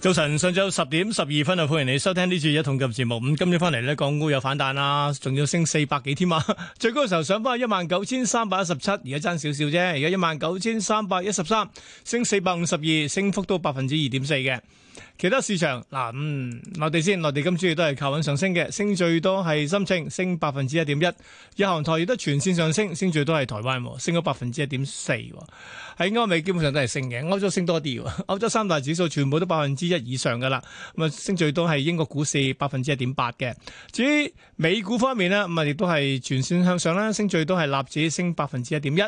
早晨，上晝十點十二分啊，歡迎你收聽呢次一桶金節目。咁今朝翻嚟咧，港股有反彈啦，仲要升四百幾添啊！最高嘅時候上翻係一萬九千三百一十七，而家爭少少啫，而家一萬九千三百一十三，升四百五十二，升幅都百分之二點四嘅。其他市場嗱，嗯，內地先，內地今次亦都係靠穩上升嘅，升最多係深證升百分之一點一，日韓台亦都全線上升，升最多係台灣，升咗百分之一點四。喺歐美基本上都係升嘅，歐洲升多啲，歐洲三大指數全部都百分之一以上噶啦，咁啊升最多係英國股市百分之一點八嘅。至於美股方面呢，咁啊亦都係全線向上啦，升最多係納指升百分之一點一。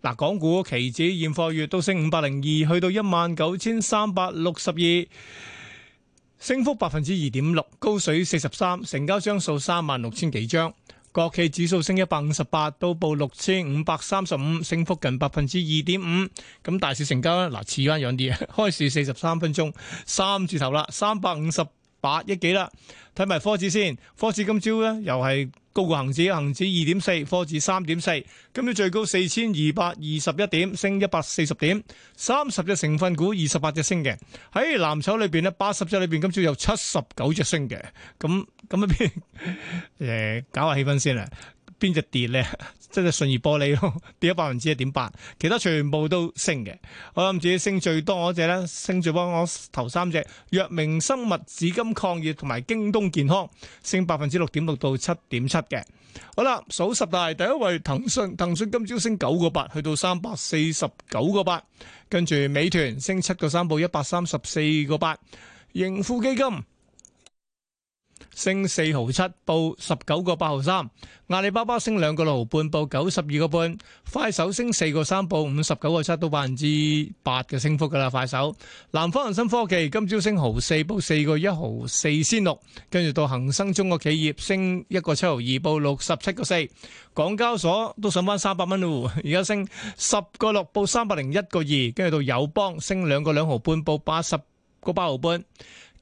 嗱，港股期指現貨月都升五百零二，去到一萬九千三百六十二，升幅百分之二點六，高水四十三，成交張數三萬六千幾張。國企指數升一百五十八到報六千五百三十五，升幅近百分之二點五。咁大市成交咧，嗱似翻樣啲，開市四十三分鐘，三字頭啦，三百五十八億幾啦。睇埋科指先，科指今朝咧又係。高過恒指，恒指二點四，科指三點四，今朝最高四千二百二十一點，升一百四十點，三十隻成分股二十八隻升嘅。喺藍籌裏邊呢，八十隻裏邊，今朝有七十九隻升嘅，咁咁一邊，誒、嗯，搞下氣氛先啦。邊隻跌呢？即係信義玻璃咯，跌咗百分之一點八，其他全部都升嘅。我諗住升最多嗰隻咧，升最多我頭三隻：藥明生物、紫金礦業同埋京東健康，升百分之六點六到七點七嘅。好啦，數十大第一位，騰訊，騰訊今朝升九個八，去到三百四十九個八，跟住美團升七個三，報一百三十四個八，盈富基金。升四毫七，報十九個八毫三。阿里巴巴升兩個六毫半，報九十二個半。快手升四個三，報五十九個七，到百分之八嘅升幅㗎喇。快手。南方恒生科技今朝升毫四，報四個一毫四先六。跟住到恒生中國企業升一個七毫二，報六十七個四。港交所都上返三百蚊咯，而家升十個六，報三百零一個二。跟住到友邦升兩個兩毫半，報八十個八毫半。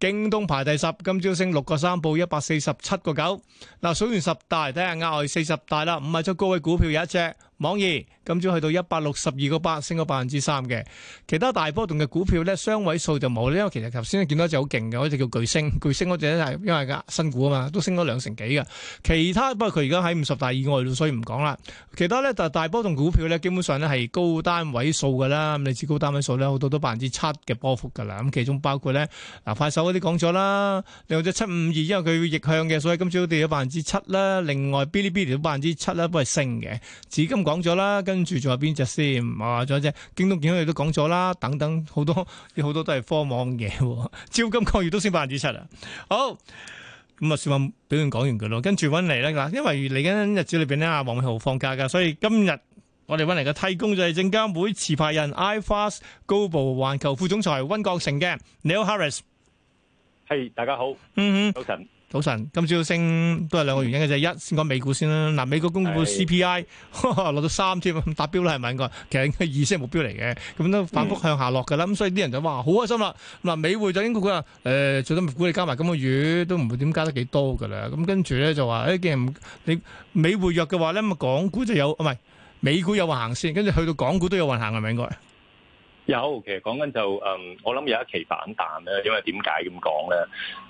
京東排第十，今朝升六個三，報一百四十七個九。嗱，數完十大，睇下額外四十大啦，五係出高位股票有一隻。網易今朝去到一百六十二個八，升咗百分之三嘅。其他大波動嘅股票咧，雙位數就冇，因為其實頭先見到一隻好勁嘅，嗰隻叫巨升，巨升嗰隻呢，因為新股啊嘛，都升咗兩成幾嘅。其他不過佢而家喺五十大以外，所以唔講啦。其他咧，就大波動股票咧，基本上咧係高單位數噶啦。咁你知高單位數呢，好多都百分之七嘅波幅噶啦。咁其中包括咧，嗱快手嗰啲講咗啦，另外七五二，因為佢逆向嘅，所以今朝跌咗百分之七啦。另外 Bilibili 都百分之七啦，都係升嘅。紫講咗啦，跟住仲有邊隻先啊？再者，京東健康佢都講咗啦，等等好多，有好多都係科網嘢，招金礦業都升百分之七啦。好，咁啊，市場表現講完佢咯，跟住搵嚟咧嗱，因為嚟緊日子裏邊咧，阿黃偉豪放假噶，所以今日我哋搵嚟嘅替工就係證監會持牌人 iFAST Global 環球副總裁溫國成嘅 Neil Harris。係，大家好，嗯嗯早晨。早晨，今朝升都係兩個原因嘅啫。嗯、一先講美股先啦，嗱，美國公布 C P I 的呵呵落到三千，達標啦，係咪？應該其實應該二升目標嚟嘅，咁都反覆向下落噶啦。咁、嗯、所以啲人就話好開心啦。嗱，美匯就應該佢話誒，最多美股你加埋咁個月都唔會點加得幾多噶啦。咁跟住咧就話誒，既然、欸、你美匯弱嘅話咧，咁啊，港股就有唔係美股有運行先，跟住去到港股都有運行嘅，係咪？應該？有，其實講緊就誒，我諗有一期反彈咧，因為點解咁講咧？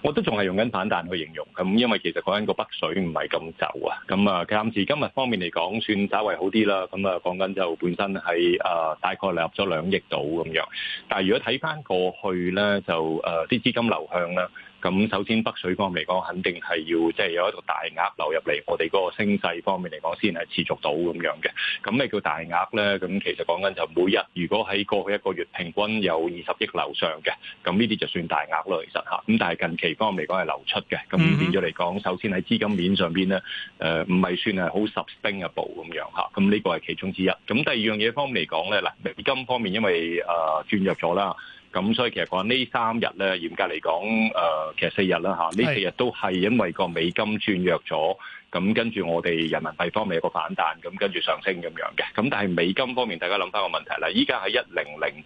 我都仲係用緊反彈去形容咁，因為其實講緊個北水唔係咁走啊。咁啊，暫時今日方面嚟講，算稍為好啲啦。咁啊，講緊就本身係誒大概納入咗兩億度咁樣，但係如果睇翻過去咧，就誒啲資金流向啦。咁首先北水方面嚟講，肯定係要即係有一個大額流入嚟，我哋嗰個升勢方面嚟講，先係持續到咁樣嘅。咁咩叫大額咧？咁其實講緊就每日如果喺過去一個月平均有二十億流上嘅，咁呢啲就算大額咯。其實嚇，咁但係近期方面嚟講係流出嘅，咁變咗嚟講，首先喺資金面上邊咧，誒唔係算係好 sustainable 咁樣嚇。咁呢個係其中之一。咁第二樣嘢方面嚟講咧，嗱，美金方面因為誒轉、呃、入咗啦。咁所以其實講呢三日咧，嚴格嚟講，誒，其實四日啦嚇，呢四日都係因為個美金轉弱咗，咁跟住我哋人民幣方面有個反彈，咁跟住上升咁樣嘅。咁但係美金方面，大家諗翻個問題啦，依家喺一零零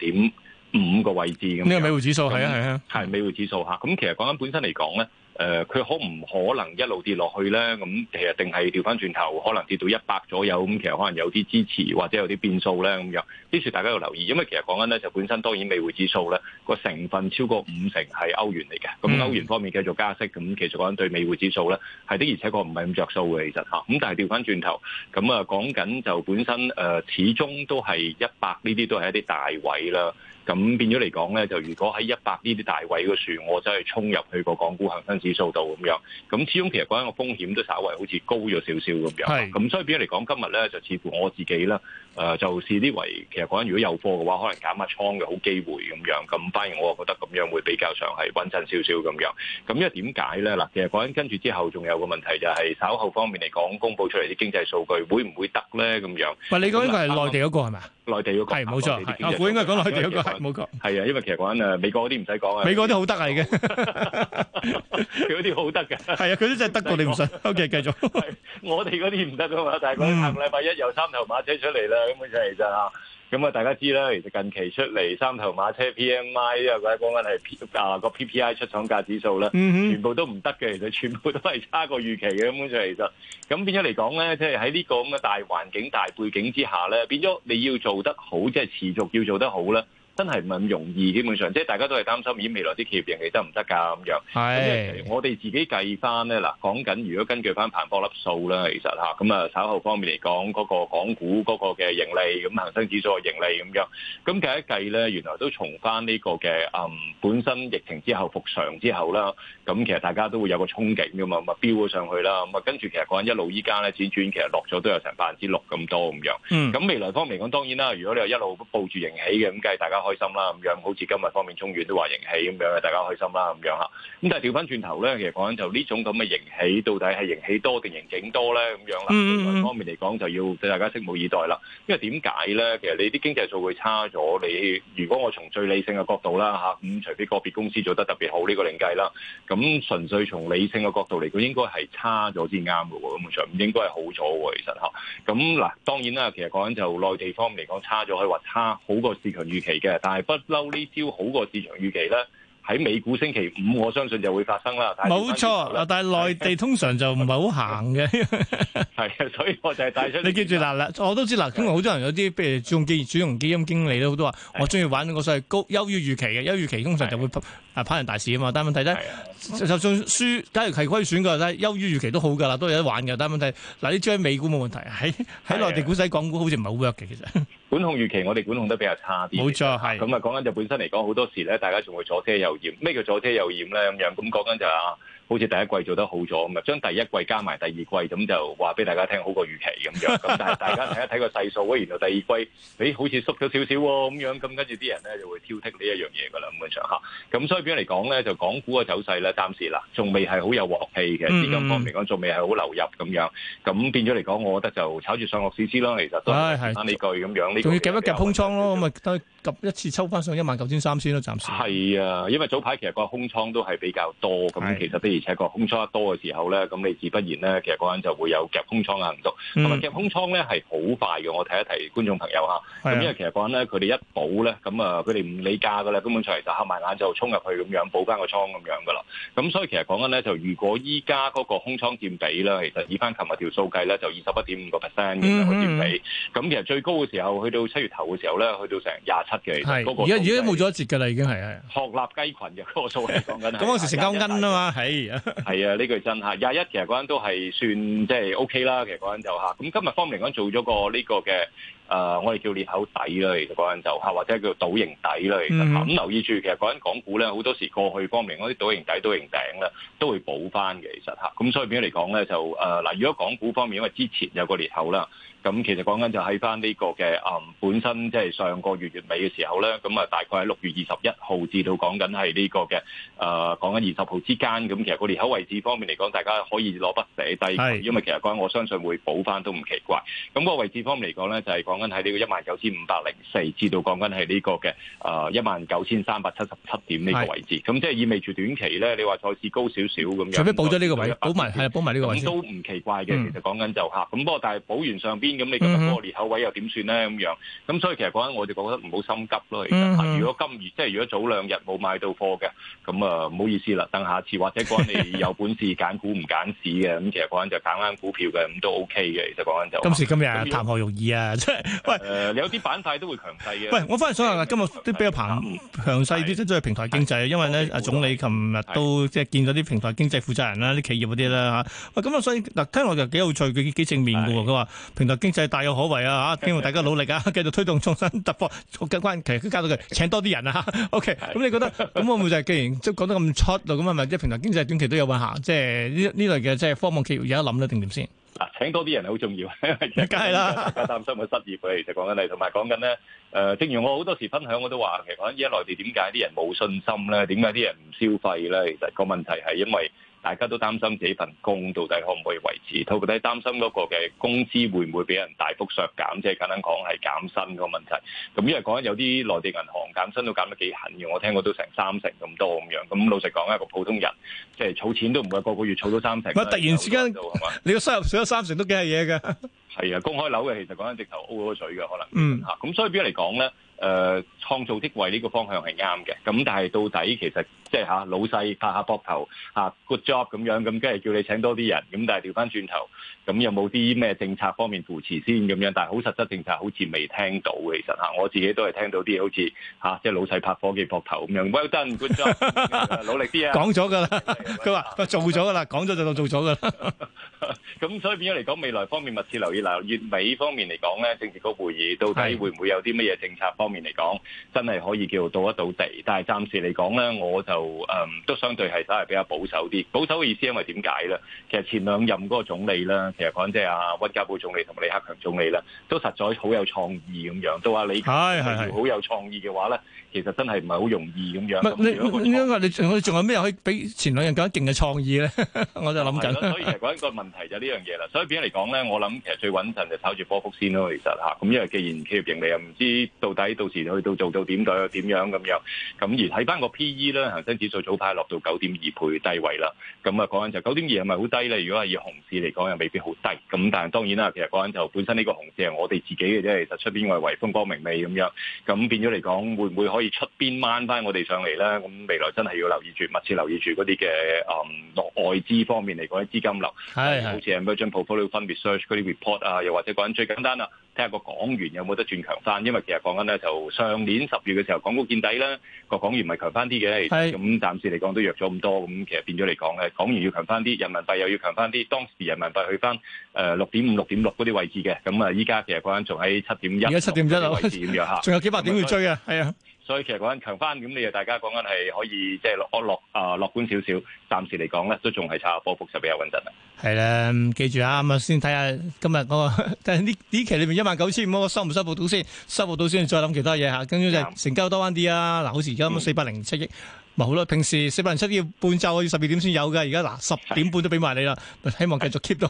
點五個位置咁。呢個美匯指數係啊，係啊，係美匯指數嚇。咁其實講緊本身嚟講咧。誒，佢、呃、可唔可能一路跌落去咧？咁其實定係調翻轉頭，可能跌到一百左右咁，其實可能有啲支持或者有啲變數咧咁樣。呢次大家要留意，因為其實講緊咧就本身當然美匯指數咧個成分超過五成係歐元嚟嘅，咁歐、嗯、元方面繼續加息，咁其實講緊對美匯指數咧係的，而且確唔係咁着數嘅其實吓。咁但係調翻轉頭，咁啊講緊就本身誒、呃，始終都係一百呢啲都係一啲大位啦。咁變咗嚟講咧，就如果喺一百呢啲大位嘅處，我真係衝入去個港股恒生指數度咁樣。咁始終其實講緊個風險都稍微好似高咗少少咁樣。咁是所以變咗嚟講，今日咧就似乎我自己啦，誒、呃、就視啲為其實講緊如果有貨嘅話，可能減一下倉嘅好機會咁樣。咁反而我覺得咁樣會比較上係穩陣少少咁樣。咁因為點解咧？嗱，其實講緊跟住之後仲有個問題就係稍後方面嚟講，公佈出嚟啲經濟數據會唔會得咧？咁樣。唔係你講緊係內地內地嗰個係冇錯，啊，我應該講內地嗰個係冇錯，係啊，因為其實講緊美國嗰啲唔使講啊，美國啲好得意嘅，佢啲好得嘅，係啊，佢啲真係得到你唔信。OK，繼續，我哋嗰啲唔得㗎嘛，但係佢下個禮拜一又三頭馬車出嚟啦，咁本就係就咁啊，大家知啦，其實近期出嚟三頭馬車 P M I 啊，或者講緊係啊個 P P I 出廠價指數啦，全部都唔得嘅，其實全部都係差過預期嘅咁樣，所以其實咁變咗嚟講咧，即係喺呢個咁嘅大環境、大背景之下咧，變咗你要做得好，即係持續要做得好啦。真係唔係咁容易，基本上即係大家都係擔心，而未來啲企業盈利得唔得㗎咁樣？咁我哋自己計翻咧，嗱，講緊如果根據翻彭博粒數啦，其實吓咁啊，稍後方面嚟講，嗰個港股嗰個嘅盈利，咁恒生指數嘅盈利咁樣，咁計一計咧，原來都重返呢個嘅嗯本身疫情之後復常之後啦，咁其實大家都會有個憧憬㗎嘛，咁啊飆咗上去啦，咁啊跟住其實講一路依家咧，輾轉其實落咗都有成百分之六咁多咁樣。咁未來方面講，當然啦，如果你話一路報住盈起嘅，咁梗係大家開心啦咁樣，好似今日方面中原都話盈喜咁樣，大家開心啦咁樣吓，咁但係調翻轉頭咧，其實講緊就呢種咁嘅盈喜，到底係盈喜多定盈警多咧咁樣啦？另方面嚟講，就要對大家拭目以待啦。因為點解咧？其實你啲經濟數會差咗，你如果我從最理性嘅角度啦吓，咁除非個別公司做得特別好呢、這個另計啦。咁純粹從理性嘅角度嚟講，應該係差咗先啱嘅喎。咁完全唔應該係好咗喎，其實吓，咁嗱，當然啦，其實講緊就內地方嚟講差咗，可以話差好過市場預期嘅。但係不嬲呢招好過市場預期啦。喺美股星期五，我相信就會發生啦。冇錯啦，但係內地通常就唔係好行嘅，係 所以我就係帶出。你記住啦，啦，我都知啦。因為好多人有啲，譬如轉機、轉融基金經理都好多話是我中意玩個所謂高優於預期嘅，優於預期通常就會啊跑人大市啊嘛。是但係問題咧，就算輸，假如係虧損嘅話。優於預期都好噶啦，都有得玩嘅。但係問題嗱，你追美股冇問題，喺喺內地股仔、港股好似唔係好 work 嘅。其實管控預期，我哋管控得比較差啲。冇錯，係咁啊，講緊就本身嚟講，好多時咧，大家仲會坐車又。咩叫左遮右掩咧？咁樣咁講緊就啊、係。好似第一季做得好咗咁啊，將第一季加埋第二季咁就話俾大家聽好過預期咁樣。咁但係大家睇一睇個細數喂，原來第二季咦、哎、好似縮咗少少喎咁樣。咁跟住啲人咧就會挑剔呢一樣嘢㗎啦。咁嘅場合，咁所以變咗嚟講咧，就港股嘅走勢咧暫時啦，仲未係好有鑊氣嘅。資金方面嚟講，仲未係好流入咁、嗯嗯、樣。咁變咗嚟講，我覺得就炒住上落試試咯。其實都係講呢句咁樣。仲是要夾一夾空倉咯，咁時一,一次抽翻上一萬九千三先咯，暫時，係啊，因為早排其實個空倉都係比較多咁，其實而且個空倉多嘅時候咧，咁你自不然咧，其實嗰陣就會有夾空倉嘅行動。咁啊，夾空倉咧係好快嘅。我提一提觀眾朋友嚇，咁因為其實講緊咧，佢哋一補咧，咁啊，佢哋唔理價㗎啦，根本上嚟就合埋眼就衝入去咁樣補翻個倉咁樣㗎啦。咁所以其實講緊咧，就如果依家嗰個空倉佔比咧，其實以翻琴日條數計咧，就二十一點五個 percent 嘅佔比。咁其實最高嘅時候去到七月頭嘅時候咧，去到成廿七嘅。係，而家而家冇咗一截㗎啦，已經係係。鶴立雞羣嘅個數係講緊。咁嗰時成交奀啊嘛，唉。係啊，呢 句真係廿一，其實嗰陣都係算即係 OK 啦。其實嗰陣就吓，咁今日方面嚟講，做咗個呢個嘅誒，我哋叫裂口底啦。其實嗰陣就吓，或者叫倒形底啦。其實咁留意住，其實嗰陣港股咧，好多時過去方面嗰啲倒形底、倒形頂咧，都會補翻嘅。其實吓，咁所以變咗嚟講咧，就誒嗱、呃，如果港股方面，因為之前有個裂口啦。咁其實講緊就喺翻呢個嘅誒本身即係上個月月尾嘅時候咧，咁啊大概喺六月二十一號至到講緊係呢個嘅誒講緊二十號之間，咁其實個裂口位置方面嚟講，大家可以攞筆寫低，是因為其實講我相信會補翻都唔奇怪。咁個位置方面嚟講咧，就係講緊喺呢個一萬九千五百零四至到講緊係呢個嘅誒一萬九千三百七十七點呢個位置。咁是即係意味住短期咧，你話再次高少少咁樣，除非補咗呢個位，補埋完係啊，補埋呢個位都唔奇怪嘅。嗯、其實講緊就嚇咁，不過但係補完上邊。咁你今日多裂口位又點算咧？咁樣咁所以其實講緊，我哋覺得唔好心急咯。其實如果今月即係如果早兩日冇買到貨嘅，咁啊唔好意思啦。等下次或者講你有本事揀股唔揀市嘅，咁其實講緊就揀啱股票嘅，咁都 OK 嘅。其實講緊就今時今日談何容易啊！即係有啲板塊都會強勢嘅。喂，我反嚟想話今日都比較強強勢啲，即係平台經濟，因為咧阿總理琴日都即係見到啲平台經濟負責人啦、啲企業嗰啲啦嚇。喂，咁啊所以嗱，聽落就幾有趣，佢幾正面嘅喎。佢話平台。經濟大有可為啊！哈，希望大家努力啊，繼續推動創新突破。相關其實都加到佢請多啲人啊！OK，咁是的、嗯、你覺得咁我咪就係既然即講得咁出度咁啊，即平台經濟短期都有運行，即呢呢類嘅即科網企業而家諗咧，定點先？請多啲人係好重要的，梗係啦，擔心會失業嘅。其實講緊你同埋講緊咧，誒，正如我好多時分享，我都話其實講緊依家內地點解啲人冇信心咧？點解啲人唔消費咧？其實個問題係因為。大家都擔心自己份工到底可唔可以維持，包括都擔心嗰個嘅工資會唔會俾人大幅削減，即係簡單講係減薪個問題。咁因為講緊有啲內地銀行減薪都減得幾狠嘅，我聽過都成三成咁多咁樣。咁老實講，一個普通人即係儲錢都唔會個個月儲到三成。喂，突然之間，你個收入少咗三成都幾係嘢㗎。係 啊，公開樓嘅其實講緊直頭 O 咗水嘅可能。嗯，咁所以邊個嚟講咧？誒、呃，創造職位呢個方向係啱嘅，咁但係到底其實即係吓老細拍下膊頭吓 good job 咁樣，咁梗係叫你請多啲人，咁但係調翻轉頭。咁有冇啲咩政策方面扶持先咁樣？但係好實質政策好似未聽到，其實我自己都係聽到啲好似嚇即係老細拍科技膊頭咁 w 唔 l l d o n e g o j 觀眾，努力啲啊！講咗㗎啦，佢話做咗㗎啦，講咗就當做咗㗎啦。咁 所以變咗嚟講，未來方面密切留意啦。月尾方面嚟講咧，政治局會議到底會唔會有啲乜嘢政策方面嚟講，是真係可以叫到一到地？但係暫時嚟講咧，我就誒、嗯、都相對係稍為比較保守啲。保守嘅意思因為點解咧？其實前兩任嗰個總理咧。其實講即係啊，溫家寶總理同埋李克強總理啦，都實在好有創意咁樣。都話你企好有創意嘅話咧，其實真係唔係好容易咁不樣。你，仲有咩、這個、可以比前兩人更加勁嘅創意咧？ 我就諗緊。所以其實講一個問題就呢樣嘢啦。所以點樣嚟講咧？我諗其實最穩陣就炒住波幅先咯。其實嚇咁，因為既然企業盈利又唔知到底到時去到做到點度點樣咁樣。咁而睇翻個 P/E 咧，恒生指數早排落到九點二倍低位啦。咁啊講緊就九點二係咪好低咧？如果係以熊市嚟講，又未必。好低咁，但係當然啦，其實講緊就本身呢個紅字係我哋自己嘅啫。其實出邊外圍風光明媚咁樣，咁變咗嚟講，會唔會可以出邊掹翻我哋上嚟咧？咁未來真係要留意住，密切留意住嗰啲嘅誒外資方面嚟講啲資金流，係好似 Emerging Portfolio Fund Research 嗰啲 report 啊，又或者講緊最簡單啦，睇下個港元有冇得轉強翻，因為其實講緊咧就上年十月嘅時候，港股見底咧，個港元唔係強翻啲嘅，咁是暫時嚟講都弱咗咁多，咁其實變咗嚟講嘅港元要強翻啲，人民幣又要強翻啲，當時人民幣去翻。誒，六點五、六點六嗰啲位置嘅，咁啊，依家其實嗰陣仲喺七點一，而家七點一啊，位置咁樣吓，仲有幾百點去追啊。係啊、就是。所以其實講緊強翻，咁你又大家講緊係可以即係樂樂啊樂觀少少，暫時嚟講咧都仲係差波幅就比較穩陣啦。係咧，記住啊，咁啊先睇下今日嗰個，但係呢呢期裏邊一萬九千五，我收唔收報到先？收報到先再諗其他嘢嚇。跟住就成交多翻啲啊！嗱，好似而家咁四百零七億，咪好咯。平時四百零七億半晝要十二點先有嘅，而家嗱十點半都俾埋你啦。希望繼續 keep 到。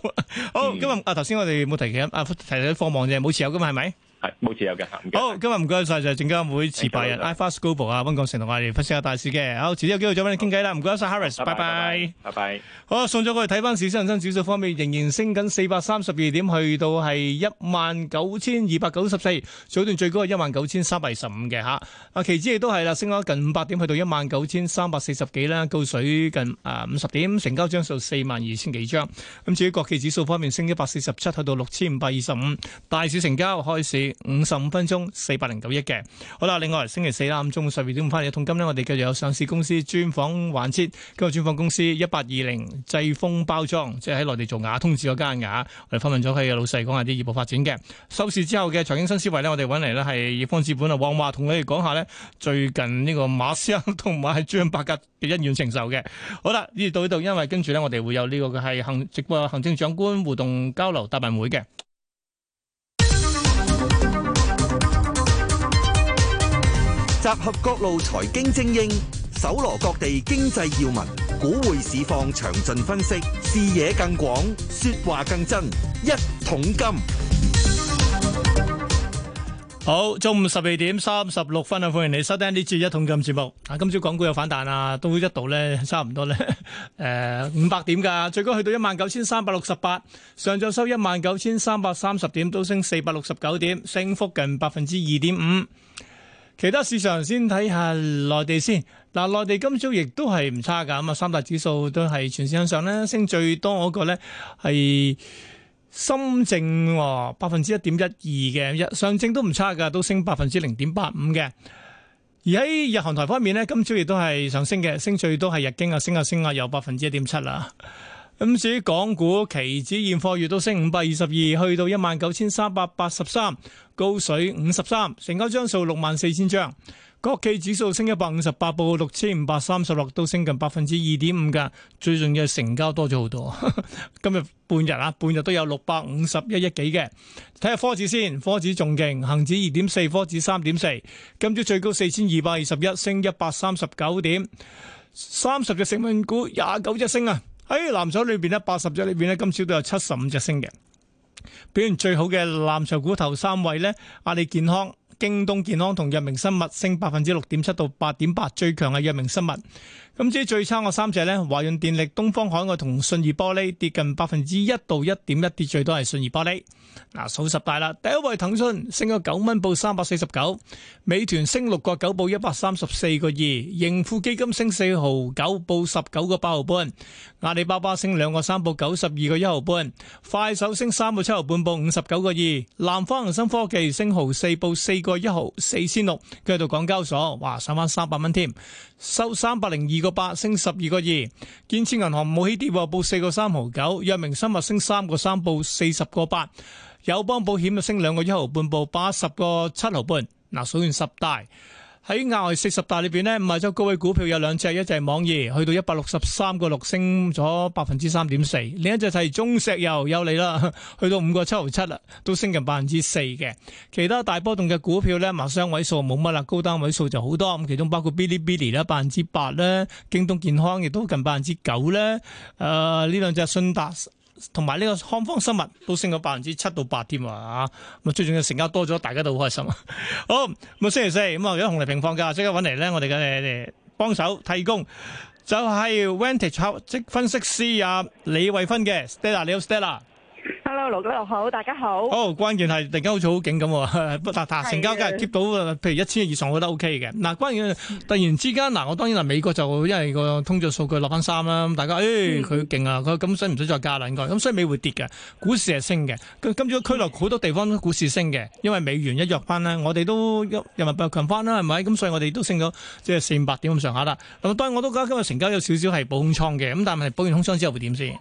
好，今日啊頭先我哋冇提起，啊提佢放望啫，冇持有嘅嘛係咪？係冇持有嘅，好，今日唔該晒就係證監會持牌人 iFast Global 啊，溫國成同我哋分析下大市嘅，好，遲啲有機會再俾你傾偈啦，唔該晒，Harris，拜拜，拜拜，好，送咗過去睇翻市。恒生指數方面仍然升緊四百三十二點，去到係一萬九千二百九十四，早段最高係一萬九千三百二十五嘅吓。啊，期指亦都係啦，升咗近五百點，去到一萬九千三百四十幾啦，高水近啊五十點，成交張數四萬二千幾張，咁至於國企指數方面升一百四十七，去到六千五百二十五，大市成交開市。五十五分鐘，四百零九億嘅。好啦，另外星期四啦，中午十二點五分，一桶金呢，我哋繼續有上市公司專訪環節。今日專訪公司一八二零濟豐包裝，即係喺內地做瓦通紙嗰間瓦。我哋訪問咗佢嘅老細，講下啲業務發展嘅。收市之後嘅財經新思維呢，我哋揾嚟呢係葉方資本啊，王華同佢哋講下呢。最近呢個馬斯克同埋係張伯格嘅恩怨情仇嘅。好啦，呢到呢度，因為跟住呢，我哋會有呢個嘅係行直播行政長官互動交流答問會嘅。集合各路財經精英，搜羅各地經濟要聞，股匯市況詳盡分析，視野更廣，說話更真。一桶金，好，中午十二點三十六分啊，歡迎你收聽呢節一桶金節目。啊，今朝港股有反彈啊，都一度呢，差唔多呢，誒五百點噶，最高去到一萬九千三百六十八，上晝收一萬九千三百三十點，都升四百六十九點，升幅近百分之二點五。其他市場先睇下內地先，嗱，內地今朝亦都係唔差㗎，咁啊三大指數都係全市向上升咧，升最多嗰個咧係深證，百分之一點一二嘅，上證都唔差㗎，都升百分之零點八五嘅。而喺日韓台方面咧，今朝亦都係上升嘅，升最多係日經啊，升啊升啊，有百分之一點七啦。咁至於港股期指現貨月都升五百二十二，去到一萬九千三百八十三，高水五十三，成交張數六萬四千張。國企指數升一百五十八，報六千五百三十六，都升近百分之二點五噶。最重要係成交多咗好多， 今日半日啊，半日都有六百五十一億幾嘅。睇下科指先，科指仲勁，恒指二點四，科指三點四。今朝最高四千二百二十一，升一百三十九點，三十隻成分股廿九隻升啊！喺、哎、藍籌裏邊呢，八十隻裏邊呢，今朝都有七十五隻升嘅，表現最好嘅藍籌股頭三位呢，阿里健康、京東健康同藥明生物升百分之六點七到八點八，最強嘅藥明生物。咁至於最差嘅三隻呢，華潤電力、東方海外同信義玻璃跌近百分之一到一點一，跌最多係信義玻璃。嗱，數十大啦，第一位騰訊升咗九蚊，報三百四十九；美團升六個九，報一百三十四個二；盈富基金升四毫九，報十九個八毫半；阿里巴巴升兩個三，報九十二個一毫半；快手升三個七毫半，報五十九個二；南方恒生科技升毫四，報四個一毫四千六。跟住到港交所，哇，上翻三百蚊添，收三百零二。個八升十二個二，建設銀行冇起跌，報四個三毫九。藥明生物升三個三，報四十個八。友邦保險啊升兩個一毫半，報八十個七毫半。嗱，數完十大。喺外四十大裏邊咧，唔係咗高位股票有兩隻，一隻係網易去到一百六十三個六，升咗百分之三點四；另一隻係中石油有利啦，去到五個七毫七啦，都升近百分之四嘅。其他大波動嘅股票咧，萬雙位數冇乜啦，高單位數就好多。咁其中包括嗶哩嗶哩啦，百分之八啦，京東健康亦都近百分之九咧。誒，呢、呃、兩隻信達。同埋呢個康方生物都升咗百分之七到八添啊！咁最重要，成交多咗，大家都好開心啊。好，咁星期四咁啊，如果紅利平放假，即刻搵嚟咧，我哋嘅嚟幫手提供就係、是、Vantage 即分析師啊李慧芬嘅 Stella，你好 Stella。hello，盧哥，你好，大家好。哦，oh, 關鍵係突然間好似好勁咁，不達達，成交價 keep 到，譬如一千以上，我覺得 O K 嘅。嗱、啊，關鍵突然之間，嗱、啊，我當然啦美國就因為個通脹數據落翻三啦，大家誒，佢勁啊，佢咁使唔使再加啦？應該咁，所以美會跌嘅，股市係升嘅。跟住，嘅區內好多地方股市升嘅，因為美元一弱翻啦，我哋都人民幣強翻啦，係咪？咁所以我哋都升咗即係四五百點咁上下啦。咁當然我都覺得今日成交有少少係補空倉嘅，咁但係補完空倉之後會點先？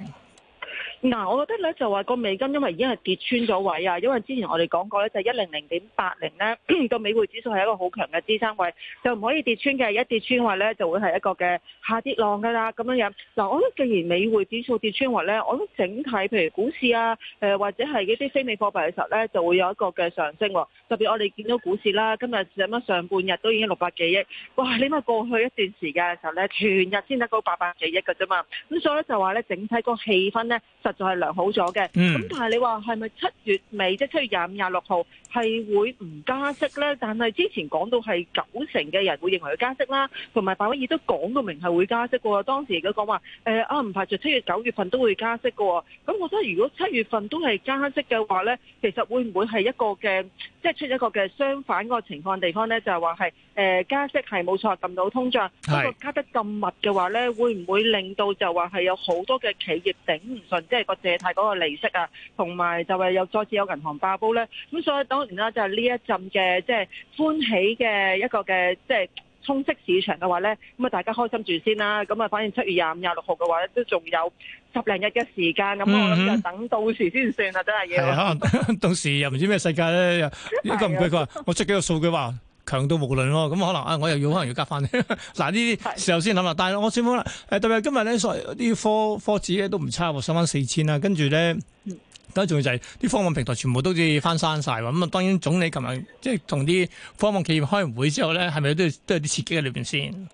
嗱，我覺得咧就話個美金因為已經係跌穿咗位啊，因為之前我哋講過咧就係一零零點八零咧個美匯指數係一個好強嘅支撐位，就唔可以跌穿嘅，一跌穿位咧就會係一個嘅下跌浪㗎啦咁樣樣。嗱，我覺得既然美匯指數跌穿位咧，我覺得整體譬如股市啊，誒或者係嗰啲非美貨幣嘅時候咧，就會有一個嘅上升喎。特別我哋見到股市啦、啊，今日上半日都已經六百幾億，哇！你話過去一段時間嘅時候咧，全日先得嗰八百幾億㗎啫嘛。咁所以咧就話咧整體個氣氛咧就係良好咗嘅，咁、嗯、但係你話係咪七月尾即係七月廿五廿六號係會唔加息呢？但係之前講到係九成嘅人會認為佢加息啦，同埋鮑威爾都講到明係會加息嘅喎。當時佢講話誒啊，唔排除七月九月份都會加息嘅喎。咁我覺得如果七月份都係加息嘅話呢，其實會唔會係一個嘅即係出一個嘅相反個情況地方呢？就係話係。誒、呃、加息係冇錯，撳到通脹。不過是加得咁密嘅話咧，會唔會令到就話係有好多嘅企業頂唔順，即係個借貸嗰個利息啊，同埋就係又再次有銀行爆煲咧？咁所以當然啦，就係、是、呢一陣嘅即係歡喜嘅一個嘅即係充斥市場嘅話咧，咁啊大家開心住先啦。咁啊，反正七月廿五、廿六號嘅話咧，都仲有十零日嘅時間。咁、嗯嗯、我諗就等到時先算啦，真係要。係到 時又唔知咩世界咧，又依唔唔佢講，話 我出幾個數據話。強到無論咯，咁可能啊、哎，我又要可能要加翻嗱呢啲時候先諗啦。但係我先講啦，呃、特別今日咧，啲科科指咧都唔差喎，上翻四千啦。跟住咧，更重要就係啲科網平台全部都好似翻生晒。咁、嗯、啊，當然總理琴日即係同啲科網企業開完會之後咧，係咪都都有啲刺激喺裏邊先？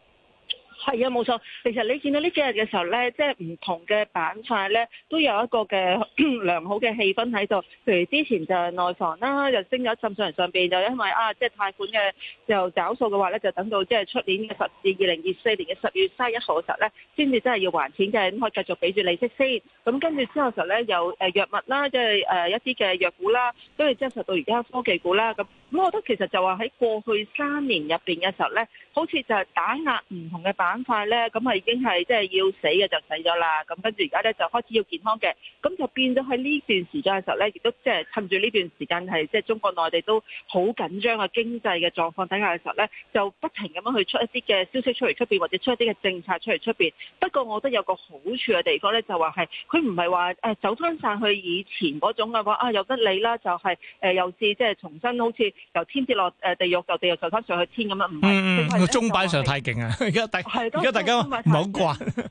係啊，冇錯。其實你見到呢幾日嘅時候咧，即係唔同嘅板塊咧，都有一個嘅 良好嘅氣氛喺度。譬如之前就係內房啦，又升咗浸上人上邊，就因為啊，即係貸款嘅就找數嘅話咧，就等到即係出年嘅十至二零二四年嘅十月三十一號嘅時候咧，先至真係要還錢嘅，咁可以繼續俾住利息先。咁跟住之後時候咧有誒藥物啦，即係誒一啲嘅藥股啦，跟住之後實到而家科技股啦咁。咁我覺得其實就話喺過去三年入邊嘅時候咧，好似就係打壓唔同嘅板塊咧，咁啊已經係即係要死嘅就死咗啦。咁跟住而家咧就開始要健康嘅，咁就變咗喺呢段時間嘅時候咧，亦都即係趁住呢段時間係即係中國內地都好緊張嘅經濟嘅狀況底下嘅時候咧，就不停咁樣去出一啲嘅消息出嚟出邊，或者出一啲嘅政策出嚟出邊。不過我覺得有個好處嘅地方咧，就話係佢唔係話誒走翻曬去以前嗰種嘅話啊有得理啦，就係誒又即係重新好似。由天跌落誒地獄，由地獄再翻上去天咁樣，唔係。個鐘擺上太勁啊！而家大，而家在的大家唔好掛。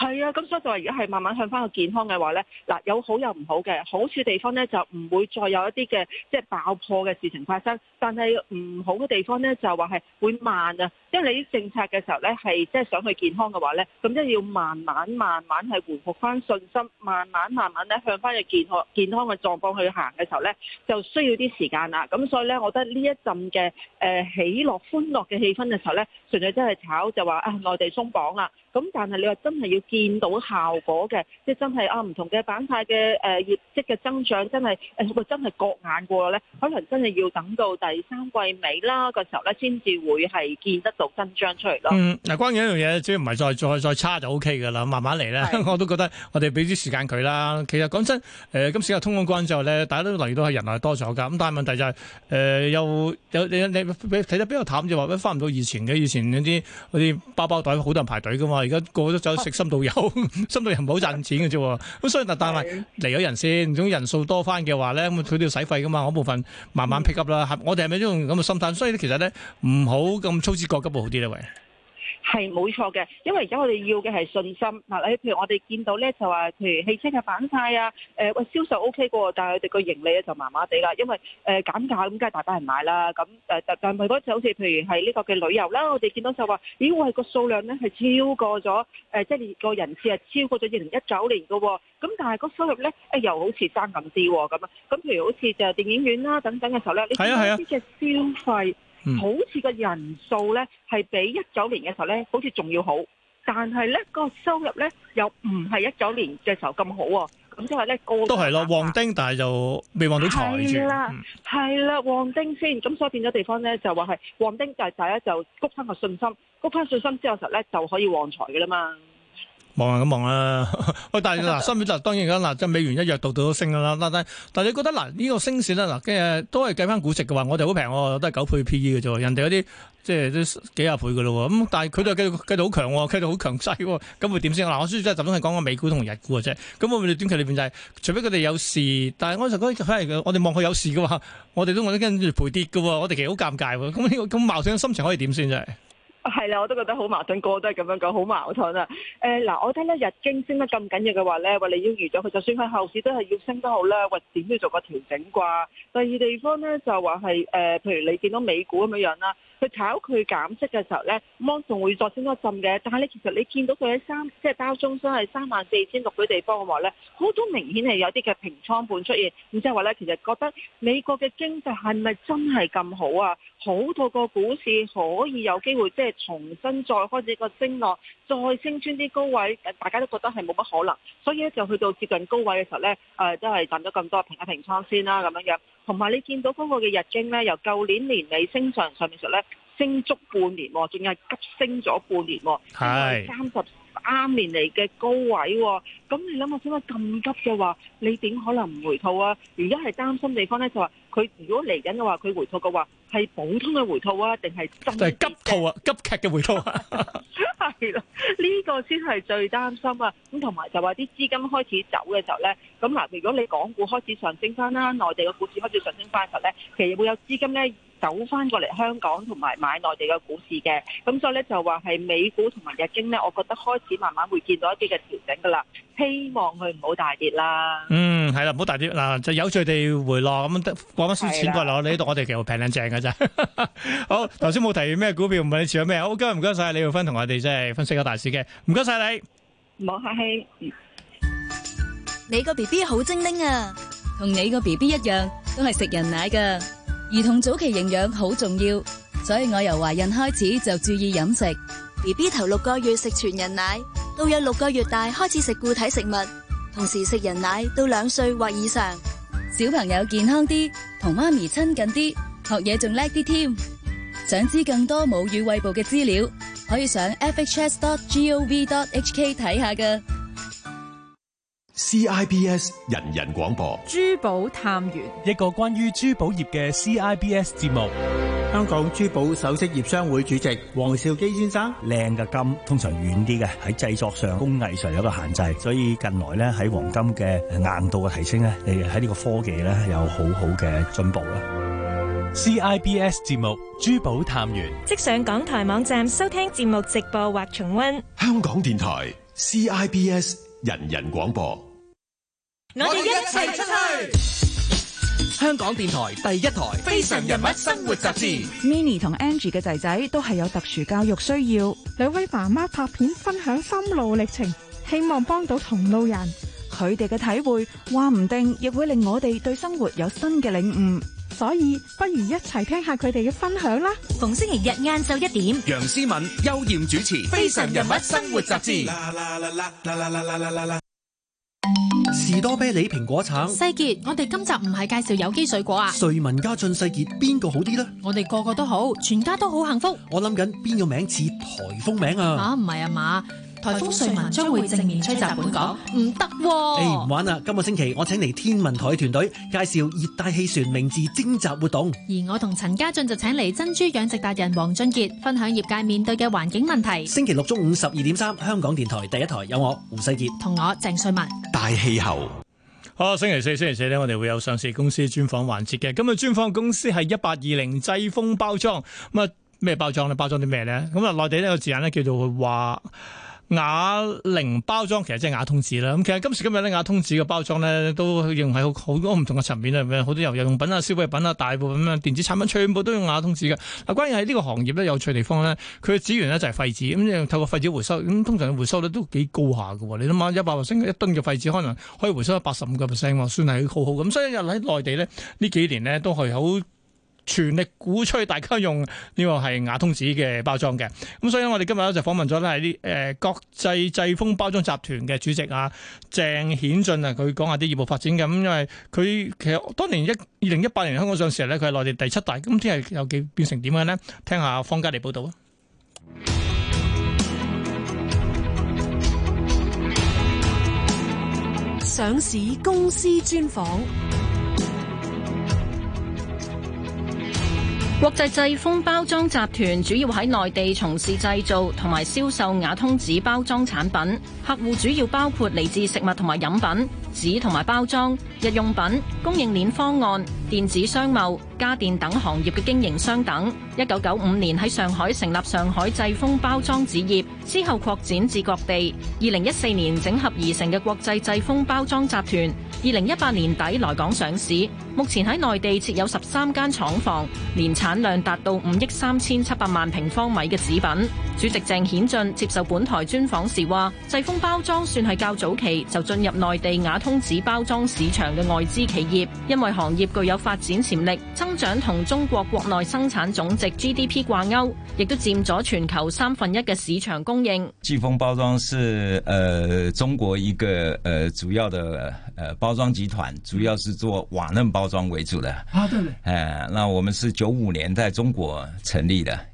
係啊，咁所以就話如果係慢慢向翻個健康嘅話咧，嗱有好有唔好嘅。好處地方咧就唔會再有一啲嘅即係爆破嘅事情發生，但係唔好嘅地方咧就話係會慢啊，因為你啲政策嘅時候咧係即係想去健康嘅話咧，咁即係要慢慢慢慢係回復翻信心，慢慢慢慢咧向翻個健康健康嘅狀況去行嘅時候咧，就需要啲時間啦。咁所以咧，我覺得呢一陣嘅誒喜樂歡樂嘅氣氛嘅時候咧，純粹真係炒就話啊，內地鬆綁啦。咁但係你話真係要見到效果嘅，即係真係啊唔同嘅板塊嘅誒業績嘅增長真、呃，真係誒個真係各眼過咧，可能真係要等到第三季尾啦個時候，咧，先至會係見得到真章出嚟咯。嗯，嗱，關鍵一樣嘢，只要唔係再再再差就 O K 嘅啦，慢慢嚟啦。是我都覺得我哋俾啲時間佢啦。其實講真，誒、呃、今次又通關之後咧，大家都留意到係人氣多咗㗎。咁但係問題就係誒又又你你睇得比較淡話，就話乜返唔到以前嘅以前啲嗰啲包包袋好多人排隊㗎嘛。而家過咗走食深度遊。啊、深度遊唔好賺錢嘅啫，咁、啊、所以的但係嚟咗人先，總人數多翻嘅話咧，咁佢都要使費噶嘛，我部分慢慢 pick up 啦、嗯。我哋係咪都用咁嘅心態？所以咧，其實咧唔好咁操之過急，好啲咧，喂。係冇錯嘅，因為而家我哋要嘅係信心嗱。誒，譬如我哋見到咧就話，譬如汽車嘅板塊啊，誒，銷售 O K 嘅喎，但係佢哋個盈利啊就麻麻地啦，因為誒減價咁，梗係大把人買啦。咁誒，但係咪嗰一次好似譬如係呢個嘅旅遊啦，我哋見到就話，咦，我係個數量咧係超過咗誒，即係個人次係超過咗二零一九年㗎喎。咁但係個收入咧，誒又好似爭咁啲喎咁啊。咁譬如好似就係電影院啦等等嘅時候咧，你點樣啲嘅消費？好似個人數咧，係比一九年嘅時候咧，好似仲要好，但係咧個收入咧又唔係一九年嘅時候咁好喎。咁即係咧高。都係咯，旺丁，但係就未旺到財住。係啦，係啦，旺丁先。咁所以變咗地方咧，就話係旺丁就係大家就谷返個信心，谷返信心之後實咧就可以旺財嘅啦嘛。望啊，咁望啦。喂，但係嗱，所以就當然啦，嗱，即係美元一弱，度度都升噶啦。但係，但係你覺得嗱，呢、這個升市啦，嗱，即係都係計翻估值嘅話，我哋好平，我都係九倍 P E 嘅啫。人哋嗰啲即係都幾廿倍噶咯。咁但係佢都係繼繼續好強，繼續好強勢。咁會點先？嗱，我雖然就係集中係講個美股同日股嘅啫。咁我哋短期裏邊就係、是，除非佢哋有事。但係我就講，反而我哋望佢有事嘅話，我哋都我都跟住賠跌嘅。我哋其實好尷尬。咁呢個咁矛盾嘅心情可以點先？真係係啦，我都覺得好矛盾，個個都係咁樣講，好矛盾啊！誒，嗱，我聽咧日經升得咁緊要嘅話咧，話你要預咗佢，就算佢後市都係要升得好啦，或點都要做個調整啩。第二地方咧就話係誒，譬如你見到美股咁樣樣啦。佢炒佢減息嘅時候呢，芒仲會再升一陣嘅。但係你其實你見到佢喺三，即係包中心係三萬四千六嘅地方嘅話呢，好多明顯係有啲嘅平倉盤出現，咁即係話呢，其實覺得美國嘅經濟係咪真係咁好啊？好到個股市可以有機會即係重新再開始一個升浪。再升穿啲高位，大家都覺得係冇乜可能，所以咧就去到接近高位嘅時候咧，誒都係賺咗咁多，平一平倉先啦咁樣樣。同埋你見到嗰個嘅日經咧，由舊年年尾升上上面嚟咧，升足半年喎，仲要係急升咗半年喎，三十三年嚟嘅高位喎，咁、呃、你諗下點解咁急嘅話，你點可能唔回吐啊？而家係擔心地方咧，就話佢如果嚟緊嘅話，佢回吐嘅話。係普通嘅回吐啊，定係真係急吐啊，急劇嘅回吐啊，係啦， 呢、呢個先係最擔心啊。咁同埋就話啲資金開始走嘅時候咧，咁嗱，如果你港股開始上升翻啦，內地嘅股市開始上升翻嘅時候咧，其實會有資金咧。走翻過嚟香港同埋買內地嘅股市嘅，咁所以咧就話係美股同埋日經咧，我覺得開始慢慢會見到一啲嘅調整噶啦，希望佢唔好大跌啦。嗯，係啦，唔好大跌嗱，就有序地回落咁，講翻啲錢過嚟，我呢度我哋叫做平靚正嘅咋。好，頭先冇提咩股票，唔問你持有咩。好，今日唔該晒李耀芬同我哋即係分析下大市嘅，唔該晒你。唔好客氣。你個 B B 好精靈啊，同你個 B B 一樣，都係食人奶噶。兒童早期營養好重要，所以我由懷孕開始就注意飲食。BB 頭六個月食全人奶，到有六個月大開始食固體食物，同時食人奶到兩歲或以上。小朋友健康啲，同媽咪親近啲，學嘢仲叻啲添。想知更多母乳餵哺嘅資料，可以上 fhs.gov.hk 睇下㗎。CIBS 人人廣播珠寶探員，一個關於珠寶業嘅 CIBS 節目。香港珠寶首飾業商會主席黃兆基先生，靚嘅金通常軟啲嘅，喺製作上工藝上有一個限制，所以近來咧喺黃金嘅硬度嘅提升咧，喺呢個科技咧有很好好嘅進步啦。CIBS 節目珠寶探員，即上港台網站收聽節目直播或重溫。香港電台 CIBS 人人廣播。我哋一齊出去。香港電台第一台《非常人物生活雜誌》。Mini 同 Angie 嘅仔仔都係有特殊教育需要，兩位媽媽拍片分享心路歷程，希望幫到同路人。佢哋嘅體會，話唔定亦會令我哋對生活有新嘅領悟。所以，不如一齊聽下佢哋嘅分享啦。逢星期日晏晝一點，楊思敏、邱艷主持《非常人物生活雜誌》。士多啤梨、蘋果橙，世杰，我哋今集唔係介紹有機水果啊。瑞文家俊世杰邊個好啲呢？我哋個個都好，全家都好幸福。我諗緊邊個名似台風名啊？啊，唔係啊嘛。台風瑞文將會正面吹襲本港，唔得喎！誒，唔玩啦！今個星期我請嚟天文台團隊介紹熱帶氣旋名字徵集活動。而我同陳家俊就請嚟珍珠養殖達人黃俊杰分享業界面對嘅環境問題。星期六中午十二點三，香港電台第一台有我胡世杰同我鄭瑞文。大氣候，好，星期四、星期四呢，我哋會有上市公司專訪環節嘅。今日專訪公司係一八二零濟豐包裝。咁啊，咩包裝呢？包裝啲咩呢？咁啊，內地呢個字眼呢，叫做話。瓦楞包裝其實即係瓦通紙啦，咁其實今時今日咧，瓦通紙嘅包裝咧都用喺好多唔同嘅層面啦，好多日用用品啊、消費品啊、大部分咁樣電子產品全部都用瓦通紙嘅。嗱，關於喺呢個行業咧有趣嘅地方咧，佢嘅資源咧就係廢紙，咁你用透過廢紙回收，咁通常回收率都幾高下㗎喎。你諗下一百個 percent 一噸嘅廢紙，可能可以回收到八十五個 percent 喎，算係好好咁。所以喺內地咧呢幾年咧都係好。全力鼓吹大家用呢個係瓦通紙嘅包裝嘅，咁所以我哋今日咧就訪問咗咧係呢誒國際製封包裝集團嘅主席啊鄭顯進啊，佢講下啲業務發展嘅，咁因為佢其實當年一二零一八年香港上市咧，佢係內地第七大，今天係有幾變成點樣呢？聽下方家麗報道啊！上市公司專訪。國際製封包裝集團主要喺內地從事製造同埋銷售瓦通紙包裝產品，客戶主要包括嚟自食物，同埋飲品。紙同埋包裝、日用品供應鏈方案、電子商貿、家電等行業嘅經營商等。一九九五年喺上海成立上海濟豐包裝紙業，之後擴展至各地。二零一四年整合而成嘅國際濟豐包裝集團。二零一八年底來港上市，目前喺內地設有十三間廠房，年產量達到五億三千七百萬平方米嘅紙品。主席鄭顯進接受本台專訪時話：濟豐包裝算係較早期就進入內地雅通。紙包裝市場嘅外資企業，因為行業具有發展潛力，增長同中國國內生產總值 GDP 掛鈎，亦都佔咗全球三分一嘅市場供應。聚豐包裝是誒、呃、中國一個誒、呃、主要的誒、呃、包裝集團，主要是做瓦楞包裝為主的誒、呃，那我們是九五年在中國成立嘅。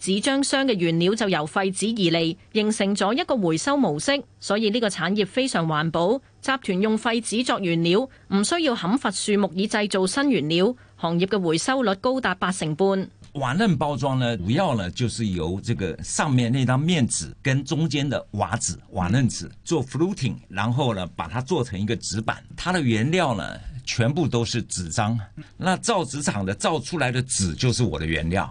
紙張箱嘅原料就由廢紙而嚟，形成咗一個回收模式，所以呢個產業非常環保。集團用廢紙作原料，唔需要砍伐樹木以製造新原料，行業嘅回收率高達八成半。瓦楞包裝呢，主要呢就是由這個上面那張面紙跟中間的瓦紙、瓦楞紙做 fluting，然後呢把它做成一個紙板，它的原料呢全部都是紙張。那造紙廠的造出來的紙就是我的原料。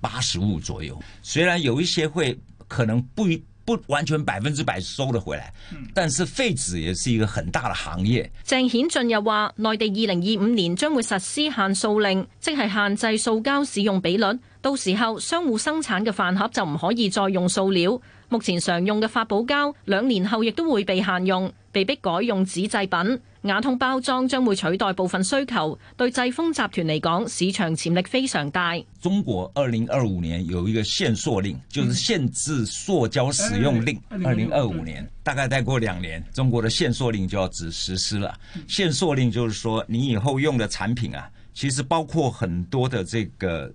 八十五左右，雖然有一些會可能不不完全百分之百收得回來，但是廢紙也是一個很大的行業。嗯、鄭顯俊又話，內地二零二五年將會實施限塑令，即係限制塑膠使用比率。到時候商戶生產嘅飯盒就唔可以再用塑料。目前常用嘅發泡膠兩年後亦都會被限用，被逼改用紙製品。牙痛包裝將會取代部分需求，對濟豐集團嚟講，市場潛力非常大。中國二零二五年有一個限塑令，就是限制塑膠使用令。二零二五年大概再過兩年，中國的限塑令就要實實施了。限塑令就是說，你以後用的產品啊，其實包括很多的這個。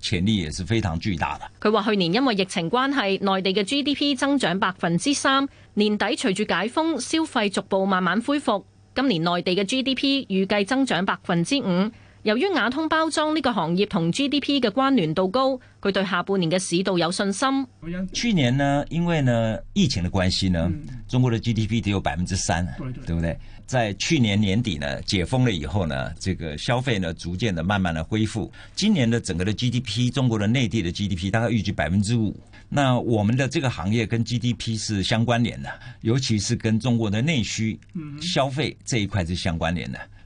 潛力也是非常巨大的。佢話：去年因為疫情關係，內地嘅 GDP 增長百分之三，年底隨住解封，消費逐步慢慢恢復。今年內地嘅 GDP 預計增長百分之五。由於亞通包裝呢個行業同 GDP 嘅關聯度高，佢對下半年嘅市道有信心。去年呢，因為呢疫情的關係呢，中國的 GDP 只有百分之三，對不對？在去年年底呢解封了以後呢，這個消費呢逐漸的慢慢的恢復。今年的整個的 GDP，中國的內地的 GDP 大概預計百分之五。那我們的這個行業跟 GDP 是相關聯的，尤其是跟中國的內需消費這一塊是相關聯的。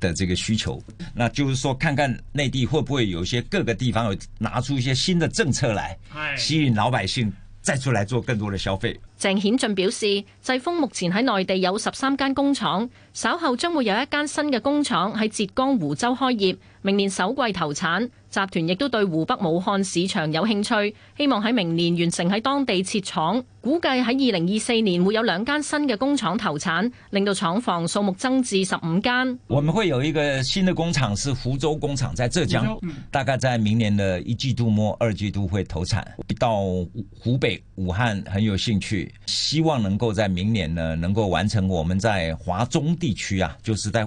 的這個需求，那就是說，看看內地會不會有一些各個地方有拿出一些新的政策來，吸引老百姓再出來做更多的消費。是鄭顯進表示，濟豐目前喺內地有十三間工廠，稍後將會有一間新嘅工廠喺浙江湖州開業，明年首季投產。集團亦都對湖北武漢市場有興趣，希望喺明年完成喺當地設廠，估計喺二零二四年會有兩間新嘅工廠投產，令到廠房數目增至十五間。我們會有一個新的工廠，是湖州工廠，在浙江，大概在明年的一季度末，二季度會投產。到湖北武漢很有興趣，希望能夠在明年呢，能夠完成我們在華中地區啊，就是在。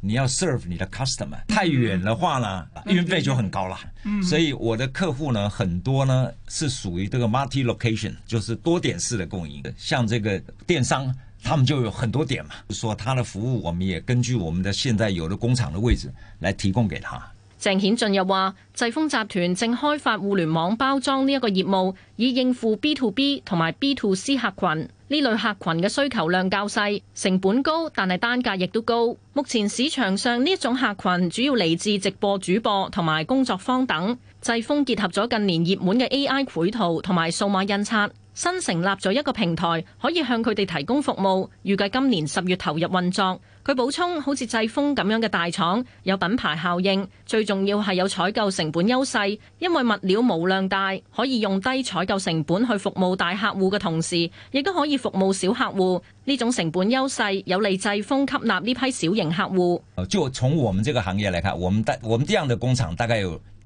你要 serve 你的 customer，太遠的話呢，運費、嗯、就很高了。嗯、所以我的客戶呢，很多呢是屬於這個 multi location，就是多點式的供應。像這個電商，他們就有很多點嘛，說他的服務，我們也根據我們的現在有的工廠的位置來提供給他。鄭顯進又話，濟豐集團正開發互聯網包裝呢一個業務，以應付 B to B 同埋 B to C 客群。呢類客群嘅需求量較細，成本高，但係單價亦都高。目前市場上呢一種客群主要嚟自直播主播同埋工作坊等。濟豐結合咗近年熱門嘅 AI 繪圖同埋數碼印刷。新成立咗一個平台，可以向佢哋提供服務。預計今年十月投入運作。佢補充：好似濟豐咁樣嘅大廠，有品牌效應，最重要係有採購成本優勢，因為物料無量大，可以用低採購成本去服務大客戶嘅同時，亦都可以服務小客戶。呢種成本優勢有利濟豐吸納呢批小型客戶。就從我們這個行業嚟看，我們大，我們這樣的工廠大概有。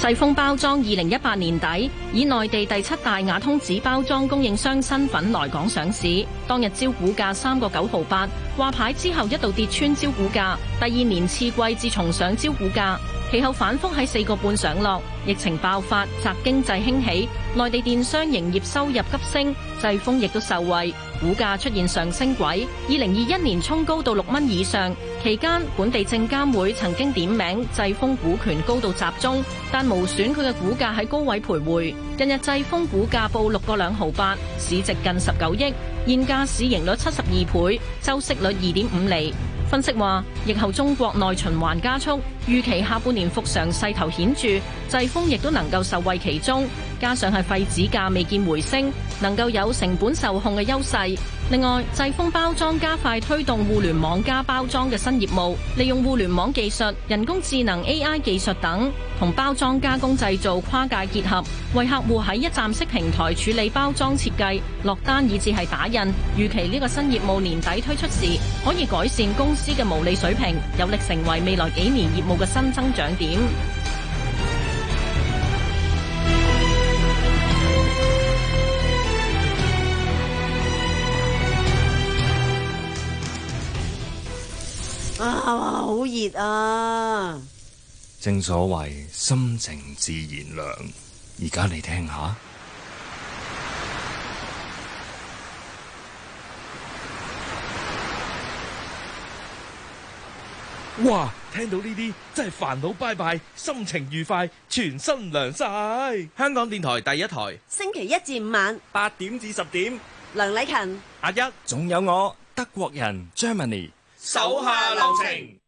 濟豐包裝二零一八年底以內地第七大亞通紙包裝供應商身份來港上市，當日招股價三個九毫八，掛牌之後一度跌穿招股價，第二年次季至重上招股價。其後反覆喺四個半上落，疫情爆發、宅經濟興起，內地電商營業收入急升，濟豐亦都受惠，股價出現上升軌，二零二一年沖高到六蚊以上。期間，本地證監會曾經點名濟豐股權高度集中，但無損佢嘅股價喺高位徘徊。近日濟豐股價報六個兩毫八，市值近十九億，現價市盈率七十二倍，周息率二點五厘。分析話，疫後中國內循環加速，預期下半年復常勢頭顯著，製風亦都能夠受惠其中，加上係廢紙價未見回升，能夠有成本受控嘅優勢。另外，濟豐包裝加快推動互聯網加包裝嘅新業務，利用互聯網技術、人工智能 AI 技術等，同包裝加工製造跨界結合，為客戶喺一站式平台處理包裝設計、落單以至係打印。預期呢個新業務年底推出時，可以改善公司嘅毛利水平，有力成為未來幾年業務嘅新增長點。好熱啊！正所謂心情自然涼，而家你聽下。哇！聽到呢啲真係煩惱拜拜，心情愉快，全身涼晒。香港電台第一台，星期一至五晚八點至十點，梁禮勤、阿一，仲有我德國人 Germany，手下留情。